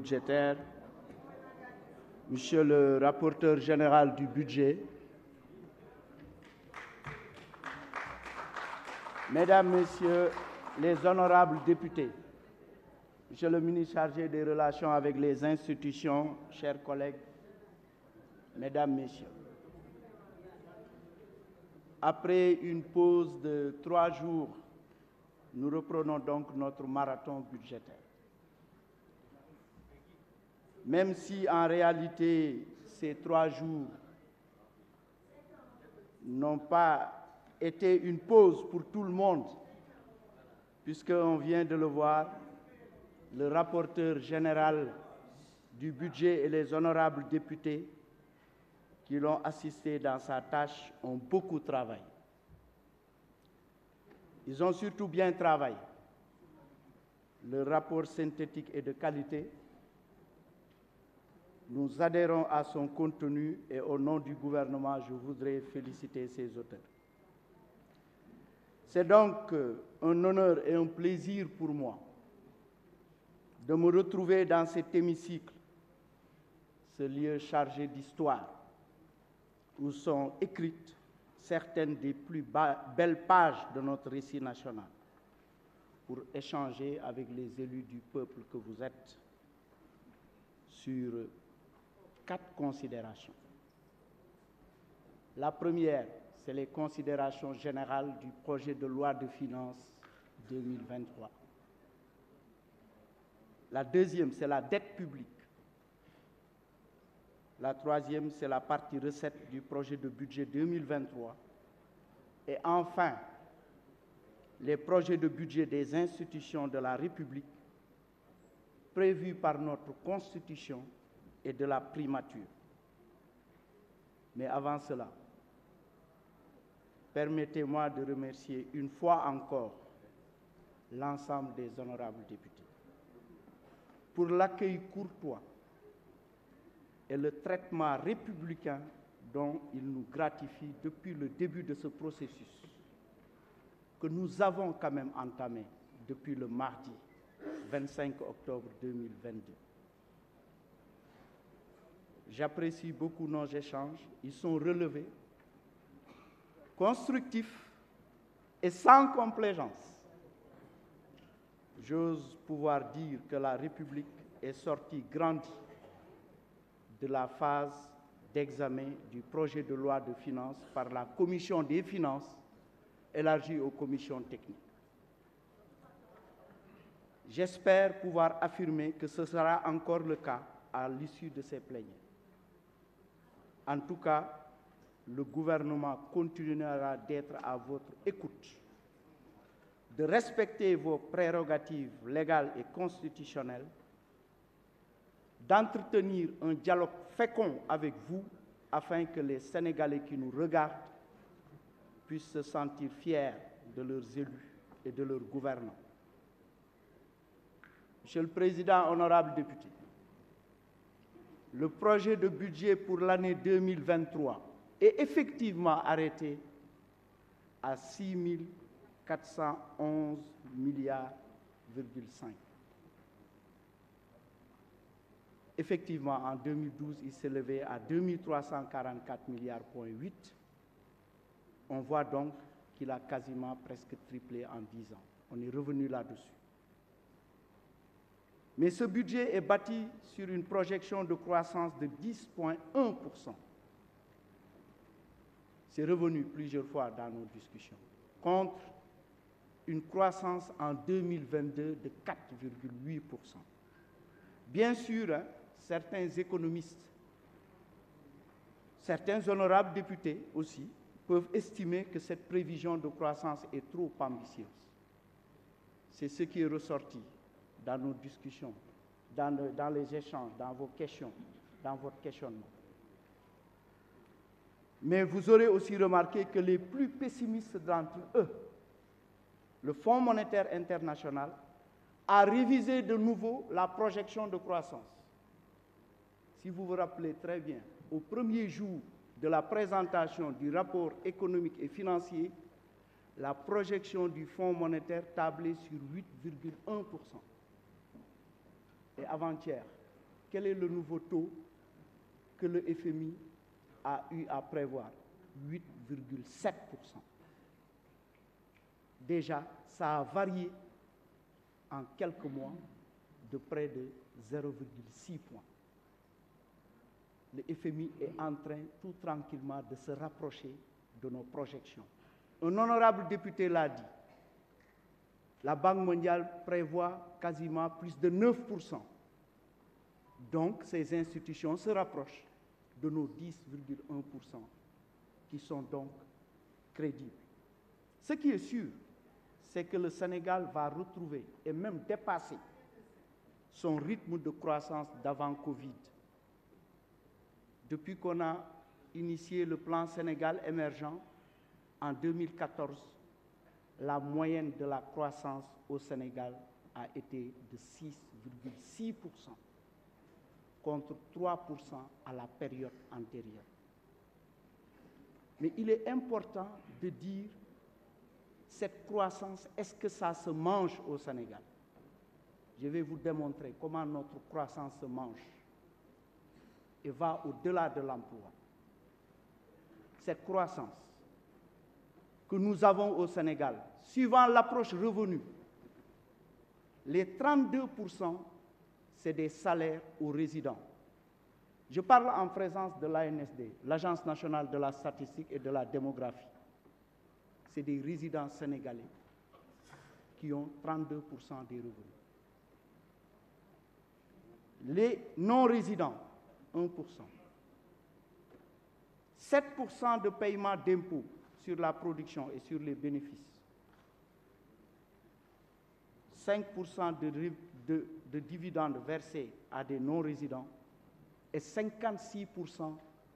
budgétaire, Monsieur le rapporteur général du budget, Mesdames, Messieurs les honorables députés, Monsieur le ministre chargé des relations avec les institutions, chers collègues, Mesdames, Messieurs, après une pause de trois jours, nous reprenons donc notre marathon budgétaire même si en réalité ces trois jours n'ont pas été une pause pour tout le monde, puisqu'on vient de le voir, le rapporteur général du budget et les honorables députés qui l'ont assisté dans sa tâche ont beaucoup travaillé. Ils ont surtout bien travaillé. Le rapport synthétique est de qualité nous adhérons à son contenu et au nom du gouvernement, je voudrais féliciter ses auteurs. C'est donc euh, un honneur et un plaisir pour moi de me retrouver dans cet hémicycle, ce lieu chargé d'histoire, où sont écrites certaines des plus belles pages de notre récit national, pour échanger avec les élus du peuple que vous êtes sur quatre considérations. La première, c'est les considérations générales du projet de loi de finances 2023. La deuxième, c'est la dette publique. La troisième, c'est la partie recette du projet de budget 2023. Et enfin, les projets de budget des institutions de la République prévus par notre Constitution et de la primature. Mais avant cela, permettez-moi de remercier une fois encore l'ensemble des honorables députés pour l'accueil courtois et le traitement républicain dont ils nous gratifient depuis le début de ce processus que nous avons quand même entamé depuis le mardi 25 octobre 2022. J'apprécie beaucoup nos échanges. Ils sont relevés, constructifs et sans complaisance. J'ose pouvoir dire que la République est sortie grandie de la phase d'examen du projet de loi de finances par la Commission des finances élargie aux commissions techniques. J'espère pouvoir affirmer que ce sera encore le cas à l'issue de ces plénières. En tout cas, le gouvernement continuera d'être à votre écoute, de respecter vos prérogatives légales et constitutionnelles, d'entretenir un dialogue fécond avec vous afin que les Sénégalais qui nous regardent puissent se sentir fiers de leurs élus et de leurs gouvernants. Monsieur le Président, honorable député le projet de budget pour l'année 2023 est effectivement arrêté à 6 411 milliards. Effectivement, en 2012, il s'élevait à 2344 milliards. On voit donc qu'il a quasiment presque triplé en 10 ans. On est revenu là-dessus. Mais ce budget est bâti sur une projection de croissance de 10,1%. C'est revenu plusieurs fois dans nos discussions, contre une croissance en 2022 de 4,8%. Bien sûr, hein, certains économistes, certains honorables députés aussi, peuvent estimer que cette prévision de croissance est trop ambitieuse. C'est ce qui est ressorti dans nos discussions, dans, les échanges, dans vos questions, dans votre questionnement. Mais vous aurez aussi remarqué que les plus pessimistes d'entre eux, le Fonds monétaire international, a révisé de nouveau la projection de croissance. Si vous vous rappelez très bien, au premier jour de la présentation du rapport économique et financier, la projection du Fonds monétaire tablait sur 8,1 avant-hier, quel est le nouveau taux que le FMI a eu à prévoir 8,7%. Déjà, ça a varié en quelques mois de près de 0,6 points. Le FMI est en train tout tranquillement de se rapprocher de nos projections. Un honorable député l'a dit, la Banque mondiale prévoit quasiment plus de 9%. Donc, ces institutions se rapprochent de nos 10,1% qui sont donc crédibles. Ce qui est sûr, c'est que le Sénégal va retrouver et même dépasser son rythme de croissance d'avant Covid. Depuis qu'on a initié le plan Sénégal émergent en 2014, la moyenne de la croissance au Sénégal a été de 6,6% contre 3% à la période antérieure. Mais il est important de dire cette croissance, est-ce que ça se mange au Sénégal Je vais vous démontrer comment notre croissance se mange et va au-delà de l'emploi. Cette croissance que nous avons au Sénégal, suivant l'approche revenue, les 32% c'est des salaires aux résidents. Je parle en présence de l'ANSD, l'Agence nationale de la statistique et de la démographie. C'est des résidents sénégalais qui ont 32% des revenus. Les non-résidents, 1%. 7% de paiement d'impôts sur la production et sur les bénéfices. 5% de, de de dividendes versés à des non-résidents et 56%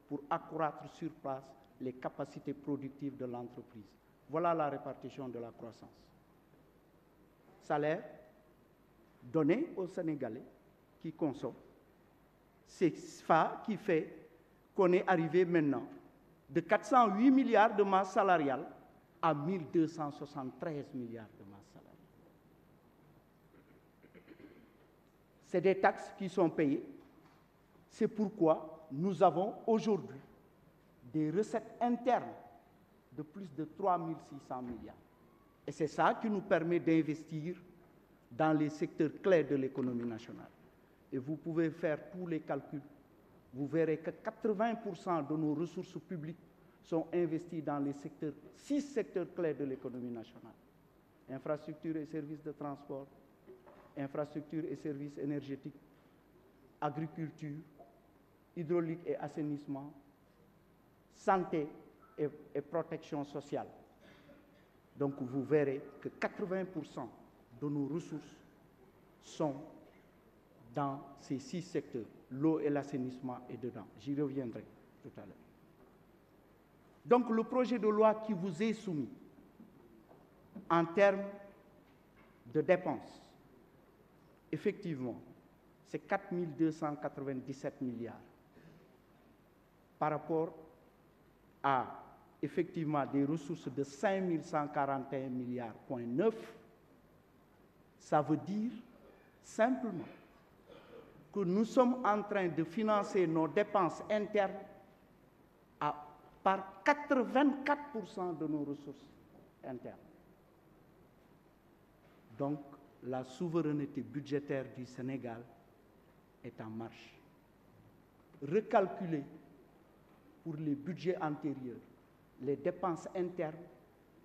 pour accroître sur place les capacités productives de l'entreprise. Voilà la répartition de la croissance. Salaire donné aux Sénégalais qui consomment, c'est ça qui fait qu'on est arrivé maintenant de 408 milliards de masse salariale à 1273 milliards de c'est des taxes qui sont payées. C'est pourquoi nous avons aujourd'hui des recettes internes de plus de 3 600 milliards. Et c'est ça qui nous permet d'investir dans les secteurs clés de l'économie nationale. Et vous pouvez faire tous les calculs. Vous verrez que 80% de nos ressources publiques sont investies dans les secteurs, six secteurs clés de l'économie nationale. infrastructure et services de transport, infrastructures et services énergétiques, agriculture, hydraulique et assainissement, santé et, protection sociale. Donc vous verrez que 80% de nos ressources sont dans ces six secteurs. L'eau et l'assainissement est dedans. J'y reviendrai tout à l'heure. Donc le projet de loi qui vous est soumis en termes de dépenses effectivement, c'est 4 297 milliards par rapport à effectivement des ressources de 5 141 milliards, ça veut dire simplement que nous sommes en train de financer nos dépenses internes par 84% de nos ressources internes. Donc, la souveraineté budgétaire du Sénégal est en marche. Recalculer pour les budgets antérieurs les dépenses internes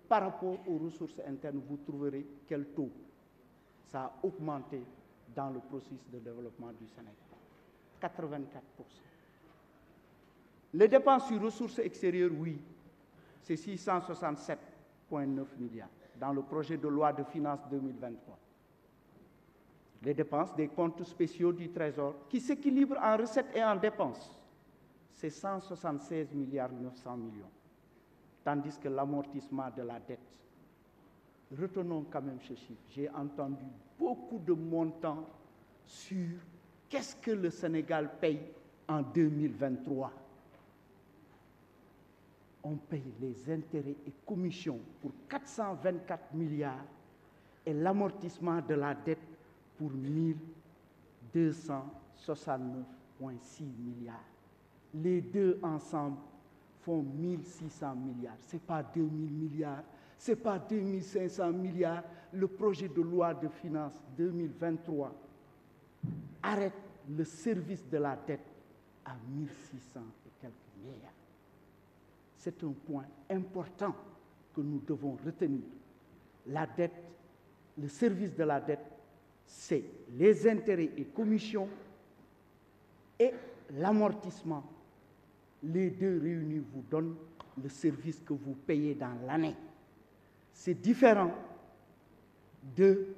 par rapport aux ressources internes, vous trouverez quel taux ça a augmenté dans le processus de développement du Sénégal. 84%. Les dépenses sur ressources extérieures, oui, c'est 667,9 milliards dans le projet de loi de finances 2023 les dépenses des comptes spéciaux du Trésor, qui s'équilibrent en recettes et en dépenses, c'est 176 milliards 900 millions. Tandis que l'amortissement de la dette, retenons quand même ce chiffre. J'ai entendu beaucoup de montants sur qu'est-ce que le Sénégal paye en 2023. On paye les intérêts et commissions pour 424 milliards et l'amortissement de la dette pour 1269,6 milliards. Les deux ensemble font 1600 milliards. Ce n'est pas 2000 milliards, ce n'est pas 2500 milliards. Le projet de loi de finances 2023 arrête le service de la dette à 1600 et quelques milliards. C'est un point important que nous devons retenir. La dette, le service de la dette c'est les intérêts et commissions et l'amortissement. Les deux réunis vous donnent le service que vous payez dans l'année. C'est différent de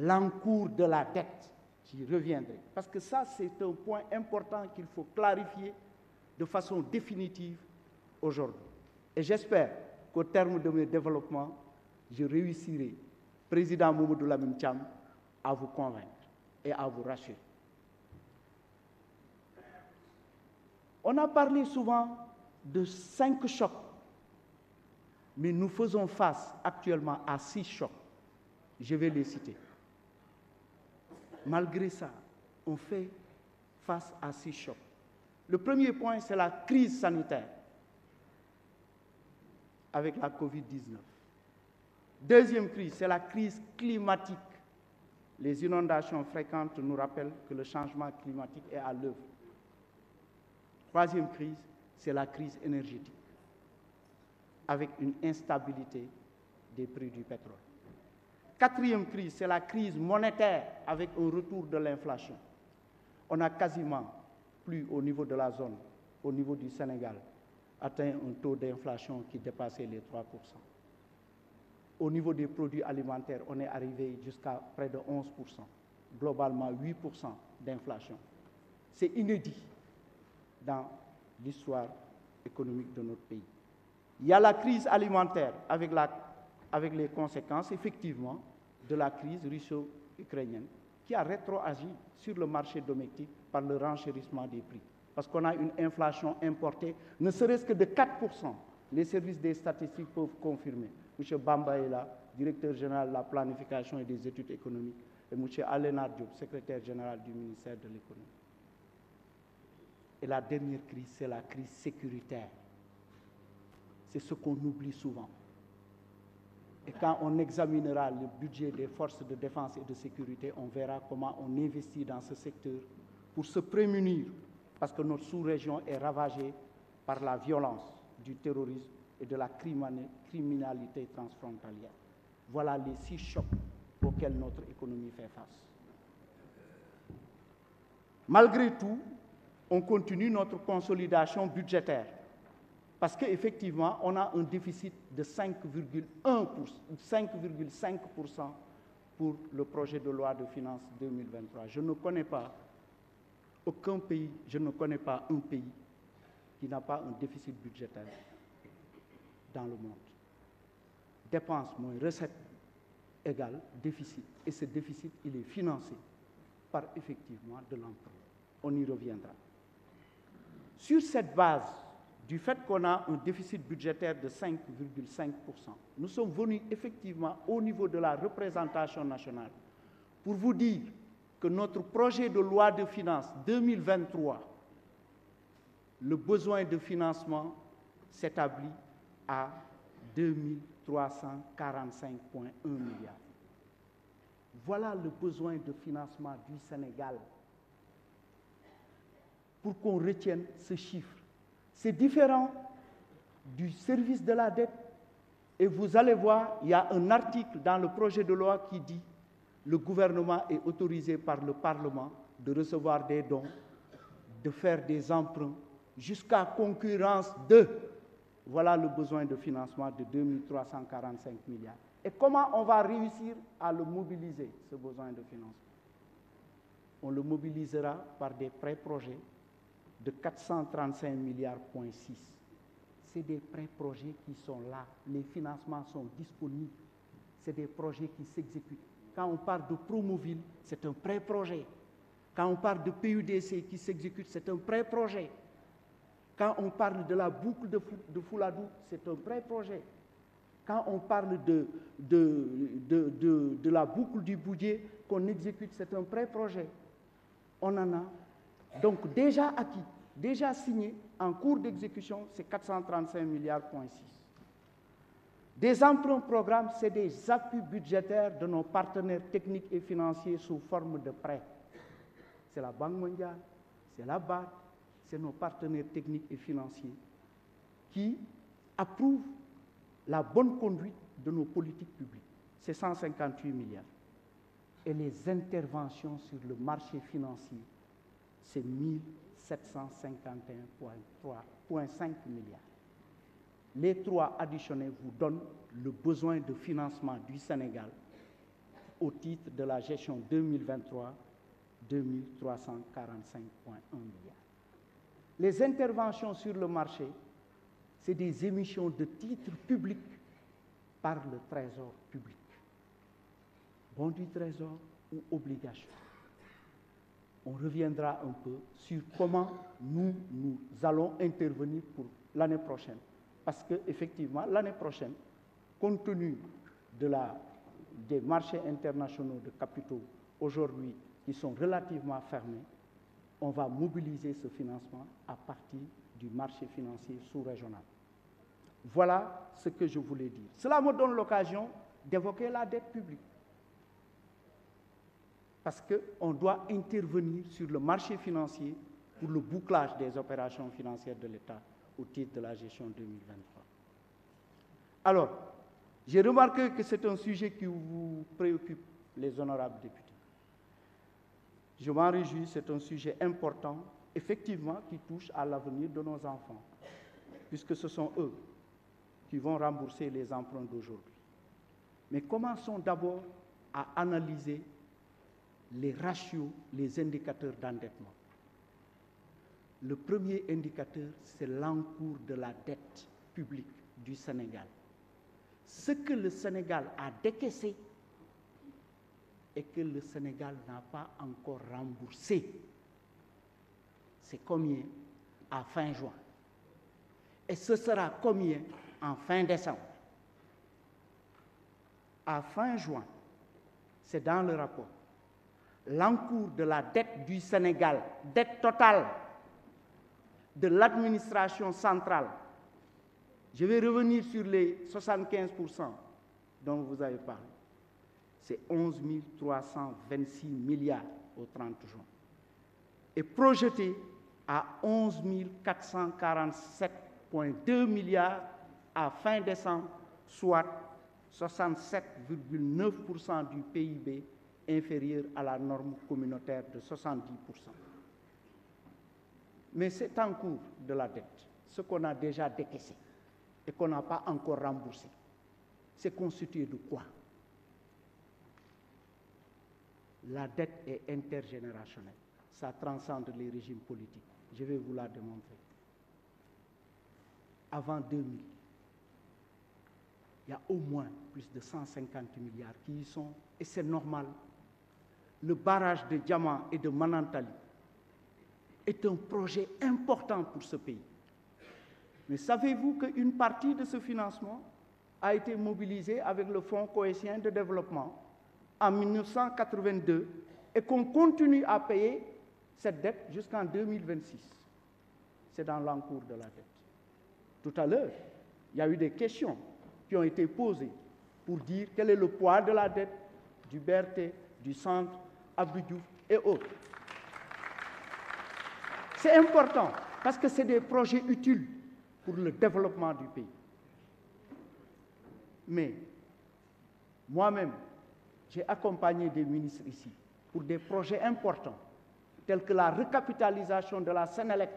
l'encours de la dette. qui reviendrait. Parce que ça, c'est un point important qu'il faut clarifier de façon définitive aujourd'hui. Et j'espère qu'au terme de mes développements, je réussirai, président Moumoudou Lamine à vous convaincre et à vous rassurer. On a parlé souvent de cinq chocs, mais nous faisons face actuellement à six chocs. Je vais les citer. Malgré ça, on fait face à six chocs. Le premier point, c'est la crise sanitaire avec la COVID-19. Deuxième crise, c'est la crise climatique les inondations fréquentes nous rappellent que le changement climatique est à l'œuvre. Troisième crise, c'est la crise énergétique, avec une instabilité des prix du pétrole. Quatrième crise, c'est la crise monétaire, avec un retour de l'inflation. On a quasiment plus au niveau de la zone, au niveau du Sénégal, atteint un taux d'inflation qui dépassait les 3 au niveau des produits alimentaires, on est arrivé jusqu'à près de 11%, globalement 8% d'inflation. C'est inédit dans l'histoire économique de notre pays. Il y a la crise alimentaire avec, les conséquences, effectivement, de la crise russo-ukrainienne qui a rétroagi sur le marché domestique par le renchérissement des prix. Parce qu'on a une inflation importée, ne serait-ce que de 4%. Les services des statistiques peuvent confirmer. M. Bambaïla, directeur général de la planification et des études économiques, et M. Alena Diop, secrétaire général du ministère de l'économie. Et la dernière crise, c'est la crise sécuritaire. C'est ce qu'on oublie souvent. Et quand on examinera le budget des forces de défense et de sécurité, on verra comment on investit dans ce secteur pour se prémunir, parce que notre sous-région est ravagée par la violence du terrorisme et de la criminalité transfrontalière. Voilà les six chocs auxquels notre économie fait face. Malgré tout, on continue notre consolidation budgétaire parce qu'effectivement, on a un déficit de 5,5% pour le projet de loi de finances 2023. Je ne connais pas aucun pays, je ne connais pas un pays qui n'a pas un déficit budgétaire dans le monde dépenses moins recettes égale déficit. Et ce déficit, il est financé par effectivement de l'emploi. On y reviendra. Sur cette base, du fait qu'on a un déficit budgétaire de 5,5%, nous sommes venus effectivement au niveau de la représentation nationale pour vous dire que notre projet de loi de finances 2023, le besoin de financement s'établit à 2345,1 milliards. Voilà le besoin de financement du Sénégal pour qu'on retienne ce chiffre. C'est différent du service de la dette. Et vous allez voir, il y a un article dans le projet de loi qui dit le gouvernement est autorisé par le Parlement de recevoir des dons, de faire des emprunts jusqu'à concurrence de voilà le besoin de financement de 2345 milliards. Et comment on va réussir à le mobiliser, ce besoin de financement On le mobilisera par des prêts projets de 435 milliards. 6. C'est des prêts projets qui sont là. Les financements sont disponibles. C'est des projets qui s'exécutent. Quand on parle de Promoville, c'est un prêt projet Quand on parle de PUDC qui s'exécute, c'est un prêt projet quand on parle de la boucle de, Fouladou, c'est un prêt projet. Quand on parle de, de, la boucle du budget qu'on exécute, c'est un prêt projet. On en a donc déjà acquis, déjà signé, en cours d'exécution, c'est 435 milliards. Des emprunts programmes, c'est des appuis budgétaires de nos partenaires techniques et financiers sous forme de prêts. C'est la Banque mondiale, c'est la BAC, c'est nos partenaires techniques et financiers qui approuvent la bonne conduite de nos politiques publiques. C'est 158 milliards. Et les interventions sur le marché financier, c'est 1751,5 milliards. Les trois additionnés vous donnent le besoin de financement du Sénégal au titre de la gestion 2023 2345,1 milliards. Les interventions sur le marché, c'est des émissions de titres publics par le trésor public. Bon du trésor ou obligation. On reviendra un peu sur comment nous, nous allons intervenir pour l'année prochaine. Parce qu'effectivement, l'année prochaine, compte tenu de la, des marchés internationaux de capitaux aujourd'hui qui sont relativement fermés, on va mobiliser ce financement à partir du marché financier sous-régional. Voilà ce que je voulais dire. Cela me donne l'occasion d'évoquer la dette publique. Parce qu'on doit intervenir sur le marché financier pour le bouclage des opérations financières de l'État au titre de la gestion 2023. Alors, j'ai remarqué que c'est un sujet qui vous préoccupe, les honorables députés. Je m'en réjouis, c'est un sujet important, effectivement, qui touche à l'avenir de nos enfants, puisque ce sont eux qui vont rembourser les emprunts d'aujourd'hui. Mais commençons d'abord à analyser les ratios, les indicateurs d'endettement. Le premier indicateur, c'est l'encours de la dette publique du Sénégal. Ce que le Sénégal a décaissé et que le Sénégal n'a pas encore remboursé. C'est combien à fin juin Et ce sera combien en fin décembre À fin juin, c'est dans le rapport, l'encours de la dette du Sénégal, dette totale de l'administration centrale. Je vais revenir sur les 75% dont vous avez parlé c'est 11 326 milliards au 30 juin, et projeté à 11 447,2 milliards à fin décembre, soit 67,9% du PIB inférieur à la norme communautaire de 70%. Mais c'est en cours de la dette, ce qu'on a déjà décaissé et qu'on n'a pas encore remboursé, c'est constitué de quoi la dette est intergénérationnelle. Ça transcende les régimes politiques. Je vais vous la démontrer. Avant 2000, il y a au moins plus de 150 milliards qui y sont, et c'est normal. Le barrage de Diamant et de Manantali est un projet important pour ce pays. Mais savez-vous qu'une partie de ce financement a été mobilisée avec le Fonds cohésien de développement en 1982 et qu'on continue à payer cette dette jusqu'en 2026. C'est dans l'encours de la dette. Tout à l'heure, il y a eu des questions qui ont été posées pour dire quel est le poids de la dette du BRT, du centre, Abidou et autres. C'est important parce que c'est des projets utiles pour le développement du pays. Mais moi-même, j'ai accompagné des ministres ici pour des projets importants, tels que la recapitalisation de la Sénélec.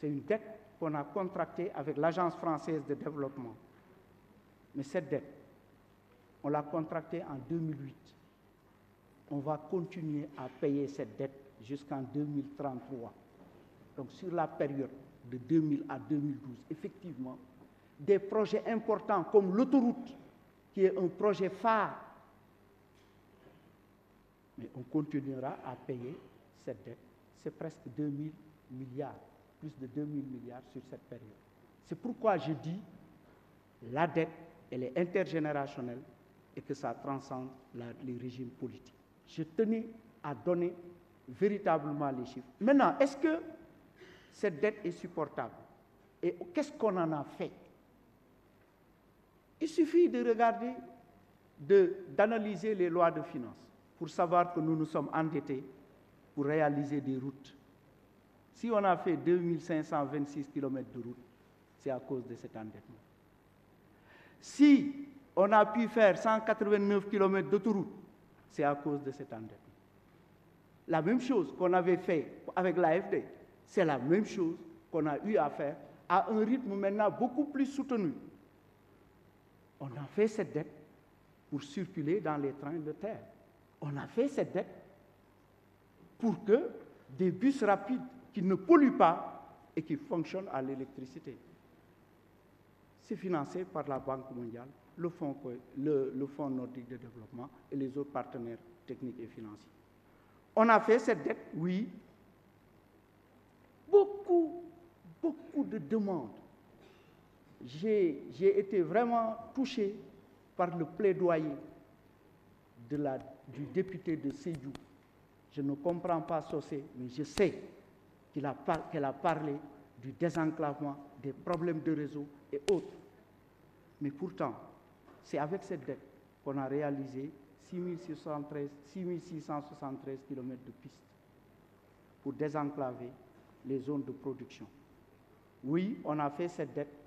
C'est une dette qu'on a contractée avec l'Agence française de développement. Mais cette dette, on l'a contractée en 2008. On va continuer à payer cette dette jusqu'en 2033. Donc sur la période de 2000 à 2012, effectivement, des projets importants comme l'autoroute qui est un projet phare. Mais on continuera à payer cette dette. C'est presque 2 000 milliards, plus de 2 000 milliards sur cette période. C'est pourquoi je dis la dette, elle est intergénérationnelle et que ça transcende les régimes politiques. Je tenais à donner véritablement les chiffres. Maintenant, est-ce que cette dette est supportable Et qu'est-ce qu'on en a fait il suffit de regarder, d'analyser les lois de finances pour savoir que nous nous sommes endettés pour réaliser des routes. Si on a fait 2526 km de route, c'est à cause de cet endettement. Si on a pu faire 189 km d'autoroute, c'est à cause de cet endettement. La même chose qu'on avait fait avec l'AFD, c'est la même chose qu'on a eu à faire à un rythme maintenant beaucoup plus soutenu on a fait cette dette pour circuler dans les trains de terre. On a fait cette dette pour que des bus rapides qui ne polluent pas et qui fonctionnent à l'électricité. C'est financé par la Banque mondiale, le Fonds, le, le Fonds nordique de développement et les autres partenaires techniques et financiers. On a fait cette dette, oui. Beaucoup, beaucoup de demandes j'ai été vraiment touché par le plaidoyer de la, du député de Sédou. Je ne comprends pas c'est mais je sais qu'elle a, a parlé du désenclavement, des problèmes de réseau et autres. Mais pourtant, c'est avec cette dette qu'on a réalisé 6673, 6673 km de pistes pour désenclaver les zones de production. Oui, on a fait cette dette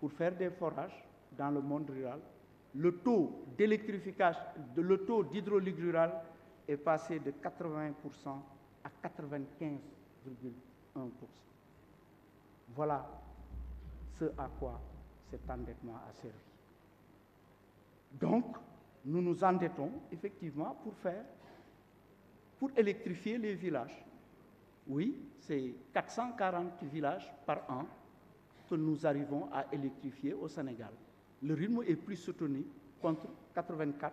pour faire des forages dans le monde rural, le taux d'électrification, le taux d'hydraulique rurale est passé de 80% à 95,1%. Voilà ce à quoi cet endettement a servi. Donc, nous nous endettons effectivement pour faire, pour électrifier les villages. Oui, c'est 440 villages par an que nous arrivons à électrifier au Sénégal. Le rythme est plus soutenu contre 84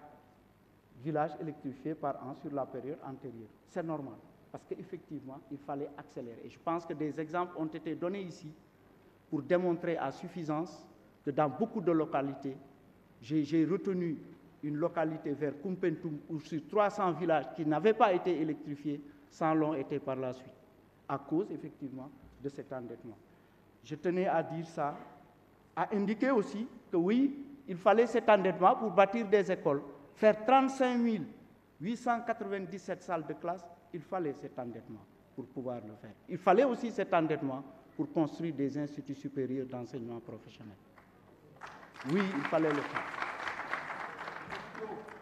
villages électrifiés par an sur la période antérieure. C'est normal, parce qu'effectivement, il fallait accélérer. Et je pense que des exemples ont été donnés ici pour démontrer à suffisance que dans beaucoup de localités, j'ai retenu une localité vers Kumpentum où sur 300 villages qui n'avaient pas été électrifiés, sans l'ont été par la suite, à cause effectivement de cet endettement. Je tenais à dire ça, à indiquer aussi que oui, il fallait cet endettement pour bâtir des écoles, faire 35 897 salles de classe, il fallait cet endettement pour pouvoir le faire. Il fallait aussi cet endettement pour construire des instituts supérieurs d'enseignement professionnel. Oui, il fallait le faire.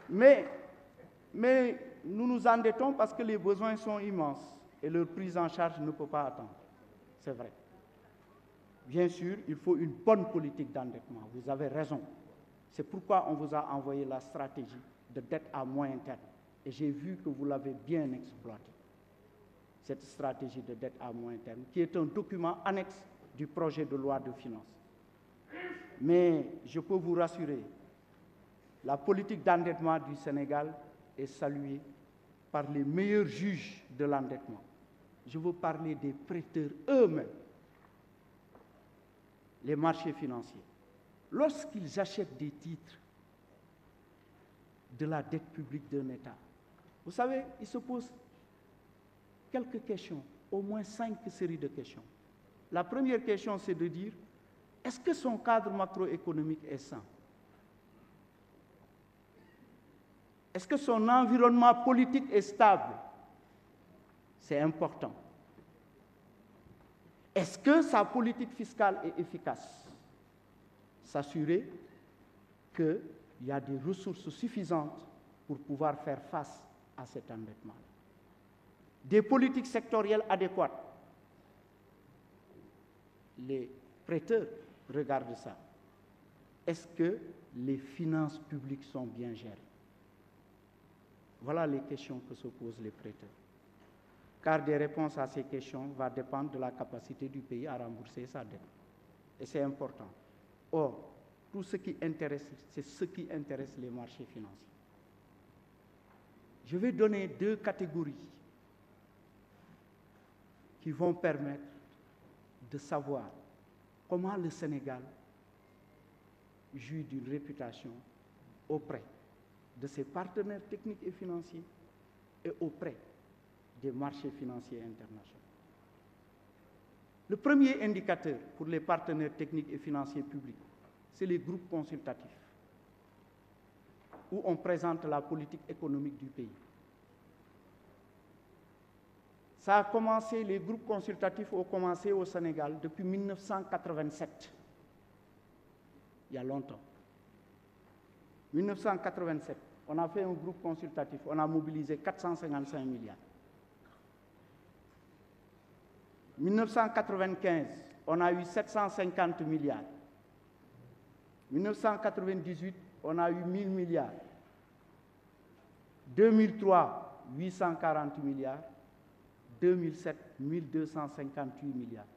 Mais, mais nous nous endettons parce que les besoins sont immenses et leur prise en charge ne peut pas attendre. C'est vrai. Bien sûr, il faut une bonne politique d'endettement. Vous avez raison. C'est pourquoi on vous a envoyé la stratégie de dette à moyen terme. Et j'ai vu que vous l'avez bien exploitée, cette stratégie de dette à moyen terme, qui est un document annexe du projet de loi de finances. Mais je peux vous rassurer, la politique d'endettement du Sénégal est saluée par les meilleurs juges de l'endettement. Je veux parler des prêteurs eux-mêmes les marchés financiers. Lorsqu'ils achètent des titres de la dette publique d'un État, vous savez, ils se posent quelques questions, au moins cinq séries de questions. La première question, c'est de dire, est-ce que son cadre macroéconomique est sain Est-ce que son environnement politique est stable C'est important. Est-ce que sa politique fiscale est efficace S'assurer qu'il y a des ressources suffisantes pour pouvoir faire face à cet endettement. Des politiques sectorielles adéquates. Les prêteurs regardent ça. Est-ce que les finances publiques sont bien gérées Voilà les questions que se posent les prêteurs car des réponses à ces questions vont dépendre de la capacité du pays à rembourser sa dette. Et c'est important. Or, tout ce qui intéresse, c'est ce qui intéresse les marchés financiers. Je vais donner deux catégories qui vont permettre de savoir comment le Sénégal joue d'une réputation auprès de ses partenaires techniques et financiers et auprès des marchés financiers internationaux. Le premier indicateur pour les partenaires techniques et financiers publics, c'est les groupes consultatifs, où on présente la politique économique du pays. Ça a commencé, les groupes consultatifs ont commencé au Sénégal depuis 1987, il y a longtemps. 1987, on a fait un groupe consultatif, on a mobilisé 455 milliards. 1995, on a eu 750 milliards. 1998, on a eu 1000 milliards. 2003, 840 milliards. 2007, 1258 milliards.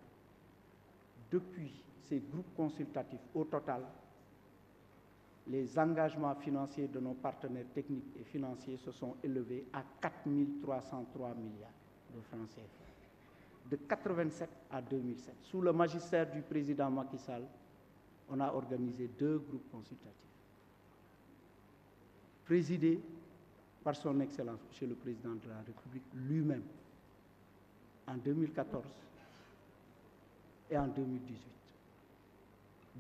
Depuis ces groupes consultatifs, au total, les engagements financiers de nos partenaires techniques et financiers se sont élevés à 4 303 milliards de francs CFA de 87 à 2007. Sous le magistère du président Macky Sall, on a organisé deux groupes consultatifs, présidés par son Excellence, Monsieur le Président de la République lui-même, en 2014 et en 2018.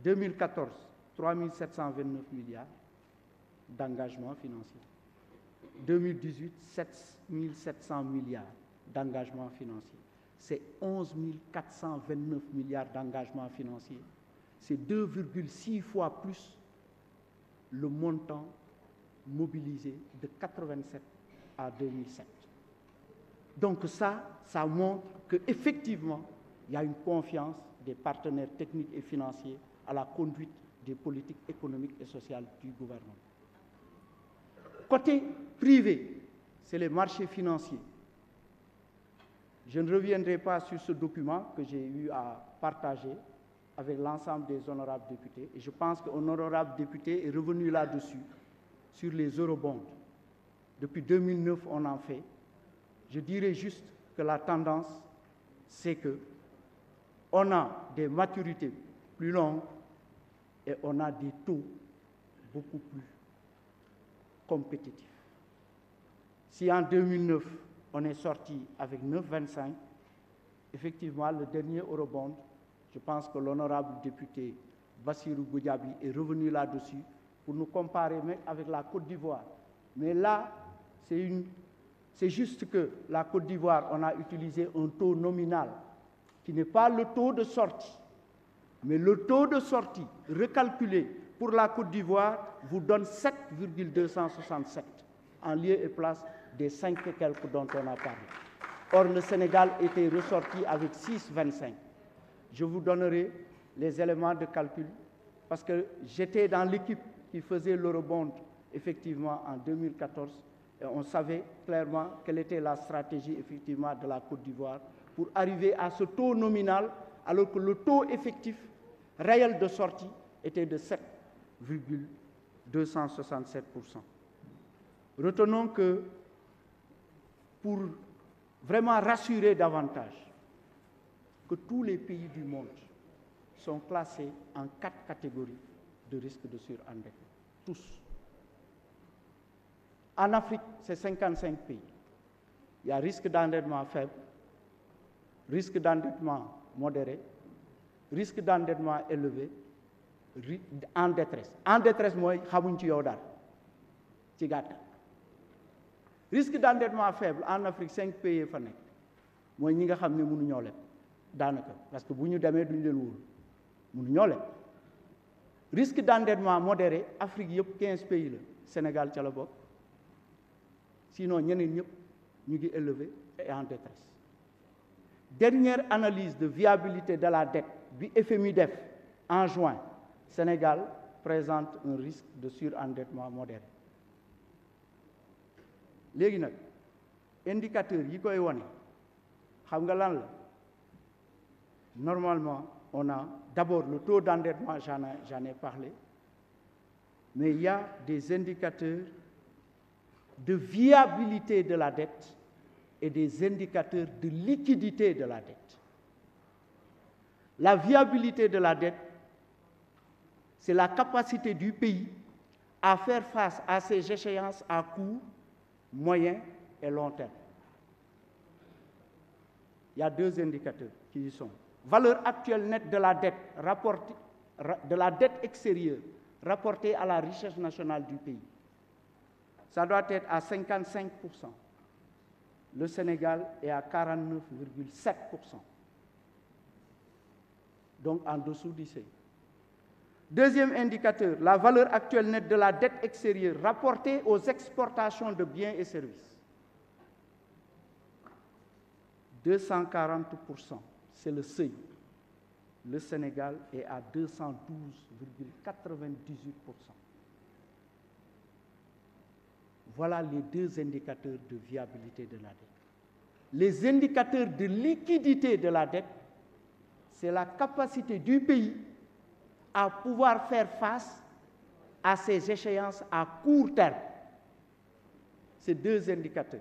2014, 3 729 milliards d'engagements financiers. 2018, 7 700 milliards d'engagements financiers c'est 11 429 milliards d'engagements financiers. C'est 2,6 fois plus le montant mobilisé de 87 à 2007. Donc ça, ça montre qu'effectivement, il y a une confiance des partenaires techniques et financiers à la conduite des politiques économiques et sociales du gouvernement. Côté privé, c'est les marchés financiers je ne reviendrai pas sur ce document que j'ai eu à partager avec l'ensemble des honorables députés. Et je pense qu'un honorable député est revenu là-dessus, sur les eurobonds. Depuis 2009, on en fait. Je dirais juste que la tendance, c'est que on a des maturités plus longues et on a des taux beaucoup plus compétitifs. Si en 2009, on est sorti avec 9,25. Effectivement, le dernier eurobond, je pense que l'honorable député Bassirou Goudiabi est revenu là-dessus pour nous comparer avec la Côte d'Ivoire. Mais là, c'est juste que la Côte d'Ivoire, on a utilisé un taux nominal qui n'est pas le taux de sortie. Mais le taux de sortie recalculé pour la Côte d'Ivoire vous donne 7,267 en lieu et place des cinq quelques dont on a parlé. Or, le Sénégal était ressorti avec 6,25. Je vous donnerai les éléments de calcul parce que j'étais dans l'équipe qui faisait le rebond effectivement en 2014 et on savait clairement quelle était la stratégie effectivement de la Côte d'Ivoire pour arriver à ce taux nominal alors que le taux effectif réel de sortie était de 7,267%. Retenons que pour vraiment rassurer davantage que tous les pays du monde sont classés en quatre catégories de risque de surendettement, tous. En Afrique, c'est 55 pays. Il y a risque d'endettement faible, risque d'endettement modéré, risque d'endettement élevé, en détresse. En détresse, moi, je ne sais pas risque d'endettement faible en Afrique 5 pays fa nek moy ñi nga mënu parce que si nous leen mënu risque d'endettement modéré Afrique 15 pays Sénégal ci la sinon nous, ñëpp ñu et en détresse dernière analyse de viabilité de la dette bi FMI def en juin Sénégal présente un risque de surendettement modéré les indicateurs indicateur normalement on a d'abord le taux d'endettement j'en ai ai parlé mais il y a des indicateurs de viabilité de la dette et des indicateurs de liquidité de la dette. La viabilité de la dette, c'est la capacité du pays à faire face à ses échéances à court moyen et long terme. Il y a deux indicateurs qui y sont. Valeur actuelle nette de la dette, rapportée, de la dette extérieure rapportée à la richesse nationale du pays. Ça doit être à 55%. Le Sénégal est à 49,7%. Donc en dessous du seuil. Deuxième indicateur, la valeur actuelle nette de la dette extérieure rapportée aux exportations de biens et services. 240%, c'est le seuil. Le Sénégal est à 212,98%. Voilà les deux indicateurs de viabilité de la dette. Les indicateurs de liquidité de la dette, c'est la capacité du pays à pouvoir faire face à ces échéances à court terme. Ces deux indicateurs.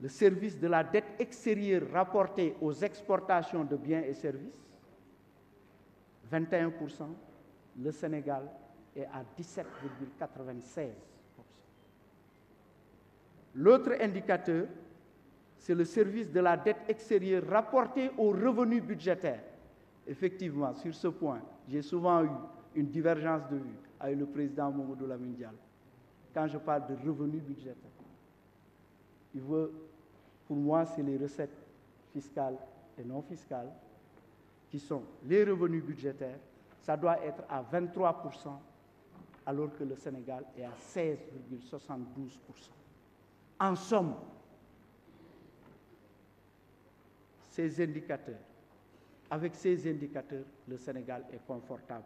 Le service de la dette extérieure rapportée aux exportations de biens et services, 21%, le Sénégal est à 17,96%. L'autre indicateur, c'est le service de la dette extérieure rapportée aux revenus budgétaires, Effectivement, sur ce point, j'ai souvent eu une divergence de vue avec le président Mamadou Mundial. Quand je parle de revenus budgétaires, il veut, pour moi, c'est les recettes fiscales et non fiscales qui sont les revenus budgétaires. Ça doit être à 23 alors que le Sénégal est à 16,72 En somme, ces indicateurs avec ces indicateurs, le Sénégal est confortable.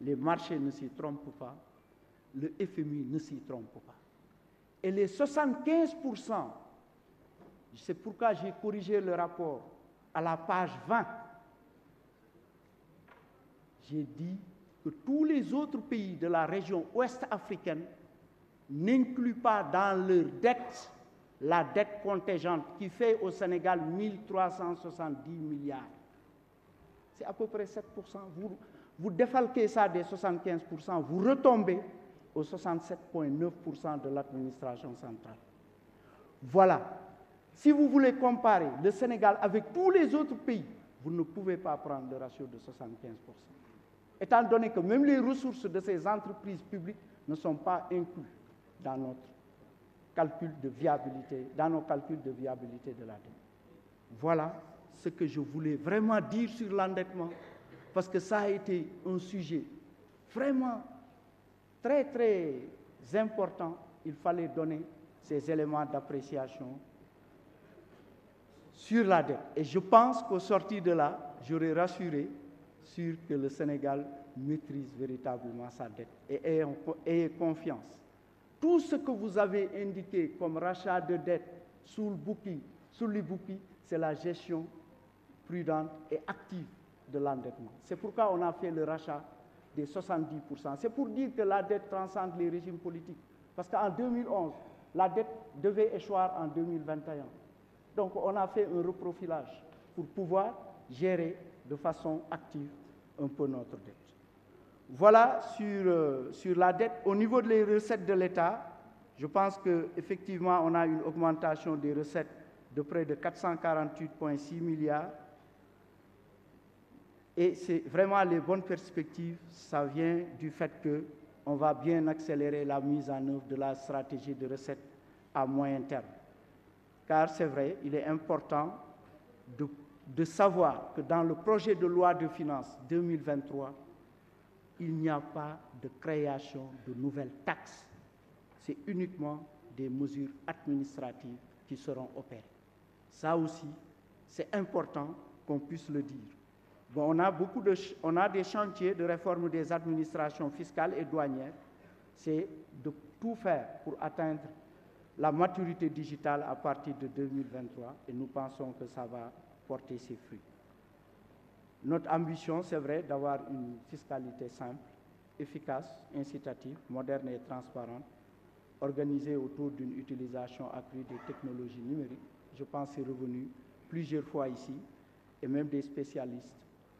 Les marchés ne s'y trompent pas, le FMI ne s'y trompe pas. Et les 75%, c'est pourquoi j'ai corrigé le rapport à la page 20. J'ai dit que tous les autres pays de la région ouest africaine n'incluent pas dans leur dette la dette contingente qui fait au Sénégal 1370 milliards c'est à peu près 7%. Vous, défalquez ça des 75%, vous retombez aux 67,9% de l'administration centrale. Voilà. Si vous voulez comparer le Sénégal avec tous les autres pays, vous ne pouvez pas prendre le ratio de 75%. Étant donné que même les ressources de ces entreprises publiques ne sont pas incluses dans notre calcul de viabilité, dans nos calculs de viabilité de la dette. Voilà ce que je voulais vraiment dire sur l'endettement, parce que ça a été un sujet vraiment très, très important. Il fallait donner ces éléments d'appréciation sur la dette. Et je pense qu'au sortir de là, j'aurais rassuré sur que le Sénégal maîtrise véritablement sa dette et ait confiance. Tout ce que vous avez indiqué comme rachat de dette sous le bouquet, sous c'est la gestion prudente et active de l'endettement. C'est pourquoi on a fait le rachat des 70%. C'est pour dire que la dette transcende les régimes politiques. Parce qu'en 2011, la dette devait échoir en 2021. Donc on a fait un reprofilage pour pouvoir gérer de façon active un peu notre dette. Voilà sur, euh, sur la dette. Au niveau des recettes de l'État, je pense qu'effectivement, on a une augmentation des recettes de près de 448,6 milliards et c'est vraiment les bonnes perspectives, ça vient du fait qu'on va bien accélérer la mise en œuvre de la stratégie de recettes à moyen terme. Car c'est vrai, il est important de, de savoir que dans le projet de loi de finances 2023, il n'y a pas de création de nouvelles taxes. C'est uniquement des mesures administratives qui seront opérées. Ça aussi, c'est important qu'on puisse le dire on, a beaucoup de, on a des chantiers de réforme des administrations fiscales et douanières. C'est de tout faire pour atteindre la maturité digitale à partir de 2023 et nous pensons que ça va porter ses fruits. Notre ambition, c'est vrai, d'avoir une fiscalité simple, efficace, incitative, moderne et transparente, organisée autour d'une utilisation accrue des technologies numériques. Je pense c'est revenu plusieurs fois ici et même des spécialistes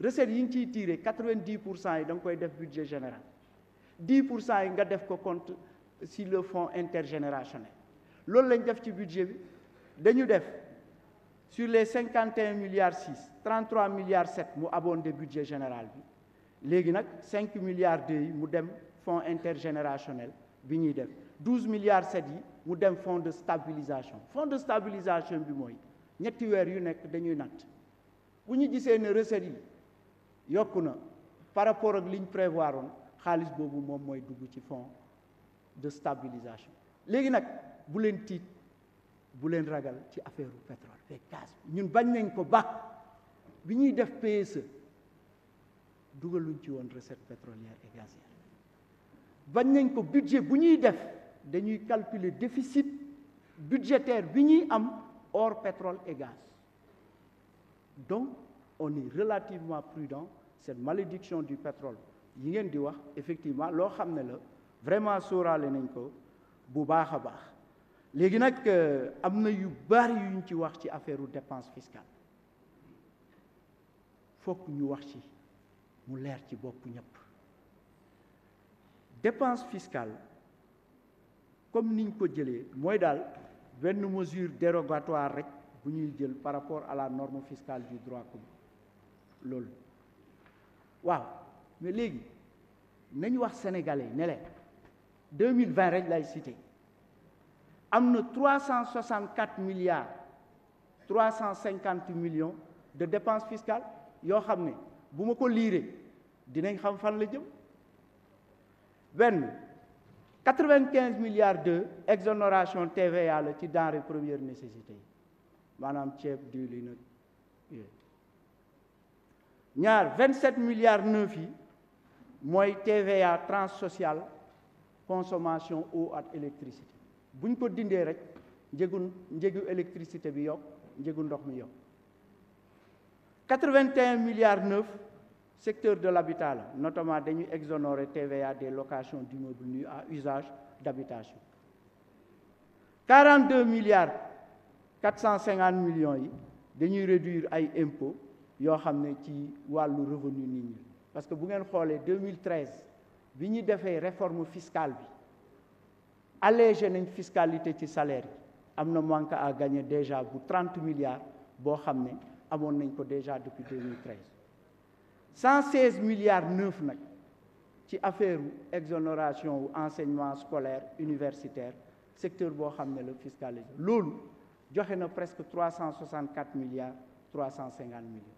recettes yi nga ciy tiire quatre-vingt-dix pour cent yi da koy def budget général dix pour cent yi nga def ko compte si le fonds intergénérationnel loolu lañ def ci budget bi dañu def sur les cinquante et un milliards six trente-trois milliards sept mu abondé budget général bi léegi nag cinq milliards deux yi mu dem fonds intergénérationnel bi ñuy def douze milliards sept yi mu dem fonds de stabilisation fonds de stabilisation bi mooy ñetti weer yu nekk dañuy natt bu ñu gisee ne recettes yi yokku na par rapport ak liñ ñu prévoir woon xaalis boobu moom mooy dugg ci fonds de stabilisation léegi nag bu leen tiit bu leen ragal ci affaire pétrole fekk gaz ñun bañ nañ ko baax bi ñuy def PSE dugaluñ ci woon recette pétrolière et gazière bañ nañ ko budget bu ñuy def dañuy calculer déficit budgétaire bi ñuy am hors pétrole et gaz donc on est relativement prudent cette malédiction du pétrole yi ngeen di wax effectivement loo que vraiment sóoraale Les ko bu baax a baax léegi nag euh, yu bari yuñ ci wax ci affaire dépense dépenses fokk ñu wax ci mu leer ci y comme nous ko dit, sont des mesures mesure dérogatoire par rapport à la norme fiscale du droit commun lol waaw mais léegi nañu wax sénégalais 2020 rek lay cité 364 milliards 350 millions de dépenses fiscales yoo ont ne Vous ko lire dinañ xam fan la jëm 95 milliards de exonération TVA dans ci premières première nécessité nécessités, maanaam vous du. 27 milliards 9 yi TVA transsociale consommation eau et électricité ko rek électricité 81 milliards de secteur de l'habitat notamment dañuy exonérer TVA des locations d'immeubles nus à usage d'habitation 42 milliards 450 millions réduire les impôts ils ci revenu parce que bu ngeen en 2013 bi fait une réforme fiscale bi la fiscalité ci salaire vous avons gagné déjà 30 milliards bo déjà depuis 2013 116 milliards neuf nag ci affaire exonération ou enseignement scolaire universitaire secteur le la fiscalité loolu presque 364 milliards 350 milliards.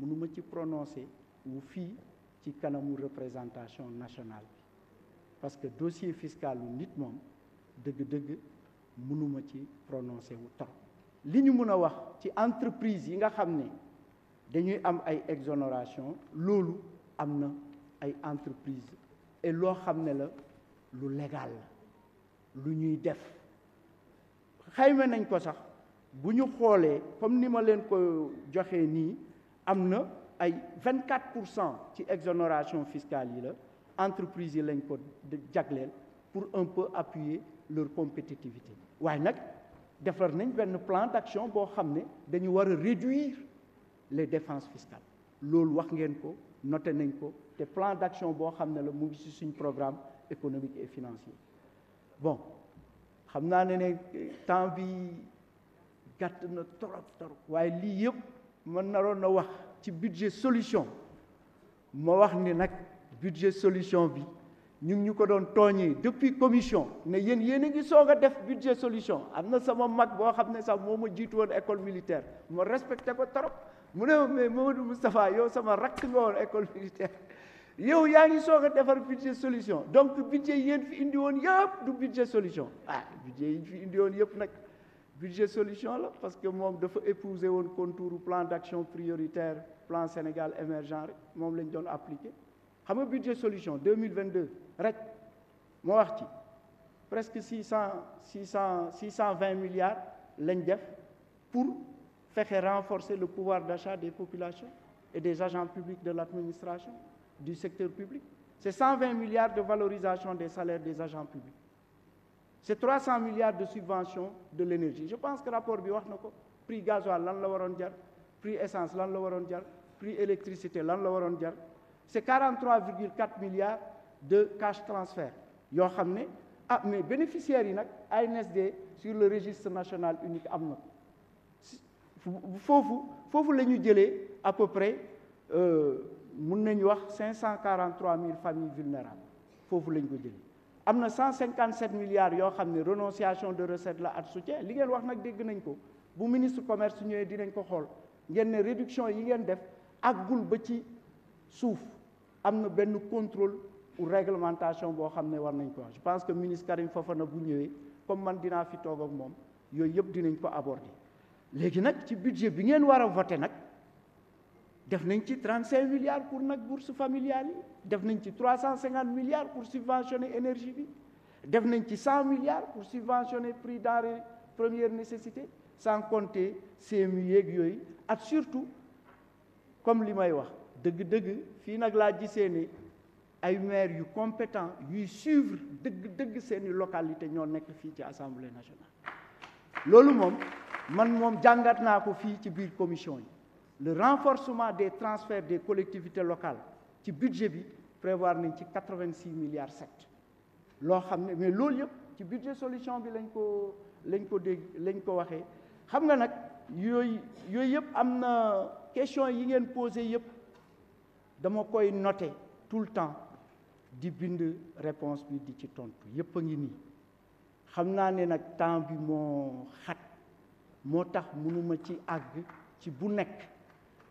mënuma ci prononcer wu fii ci kanamu représentation nationale bi parce que dossier fiscal lu nit moom dëgg-dëgg mënuma ci prononcer wu trop li ñu mën a wax ci entreprise yi nga xam ne dañuy am ay exonération loolu am na ay entreprise et loo xam ne la lu légal la lu ñuy def xayma nañ ko sax bu ñu xoolee comme ni ma leen ko joxee nii amna ay 24 d'exonération ci exonération fiscale yi la entreprise yi lañ ko pour un peu appuyer leur compétitivité way nak defar nañ ben plan d'action pour xamné dañu réduire les défenses fiscales Nous wax ngeen ko noté nañ ko té plan d'action bo xamné le la mu ngi ci suñ programme économique et financier bon xamna né ne temps bi gàtt na torop ma naroon wax ci budget solution ma wax ni nak budget solution bi ñu ngi ñu ko doon depuis commission ne yéen yéen ngi soga def budget solution amna sama mag bo xam ne sax moo ma école militaire mo respecté ko trop mu ne mais Mamadou mustapha yow sama rak nga école militaire yow yaa ngi soog defar budget solution donc budget yéen fi indi won yëpp du budget solution ah budget yi fi indi won yëpp nak budget solution là, parce que je épouser un contour plan d'action prioritaire plan Sénégal émergent moi, moom appliqué. budget solution 2022 presque 600 600 620 milliards pour faire renforcer le pouvoir d'achat des populations et des agents publics de l'administration du secteur public c'est 120 milliards de valorisation des salaires des agents publics c'est 300 milliards de subventions de l'énergie je pense que le rapport bi le prix gasoil le prix essence le prix électricité c'est 43,4 milliards de cash transfert ah, Il à bénéficiaires yi ANSD sur le registre national unique Il faut vous, foofu à peu près 543 euh, 000 familles vulnérables Il faut vous ko amna 157 milliards yo xam renonciation de recette la at soutien li ngeen wax n'ak dégg nañ ko bu ministre commerce ñëwee dinañ ko xol ngeen né réduction yi ngeen def Agul ba ci souf amna benn contrôle ou réglementation bo xamné war nañ ko je pense que ministre Karim Fofana bu ñëwé comme man dina fi toog ak moom yooyu yëpp dinañ ko aborder légui nak ci budget bi ngeen wara voter nak def nañ 35 milliards pour nak bourse familiale 350 milliards pour subventionner lénergie bi def 100 milliards pour subventionner prix denrées première nécessité sans compter CMU Et yoy surtout comme li may wax deug deug fi nak la ay maire yu compétent yu suivre deug deug seeni localité ci assemblée nationale loolu mom man mom jangat nako fi ci commission le renforcement des transferts des collectivités locales ci budget bi prévoir nañ ci 86 milliards sept lo xamné mais loolu yëpp ci budget solution bi lañ ko lañ ko dég lañ ko waxé xam nga nak yoy yoy yëpp amna question yi ngeen poser yëpp dama koy noter tout le temps di bind réponse bi di ci tontu yëpp ngi ni xam naa ne nag temps bi moo xat moo tax mënuma ci àgg ci bu nekk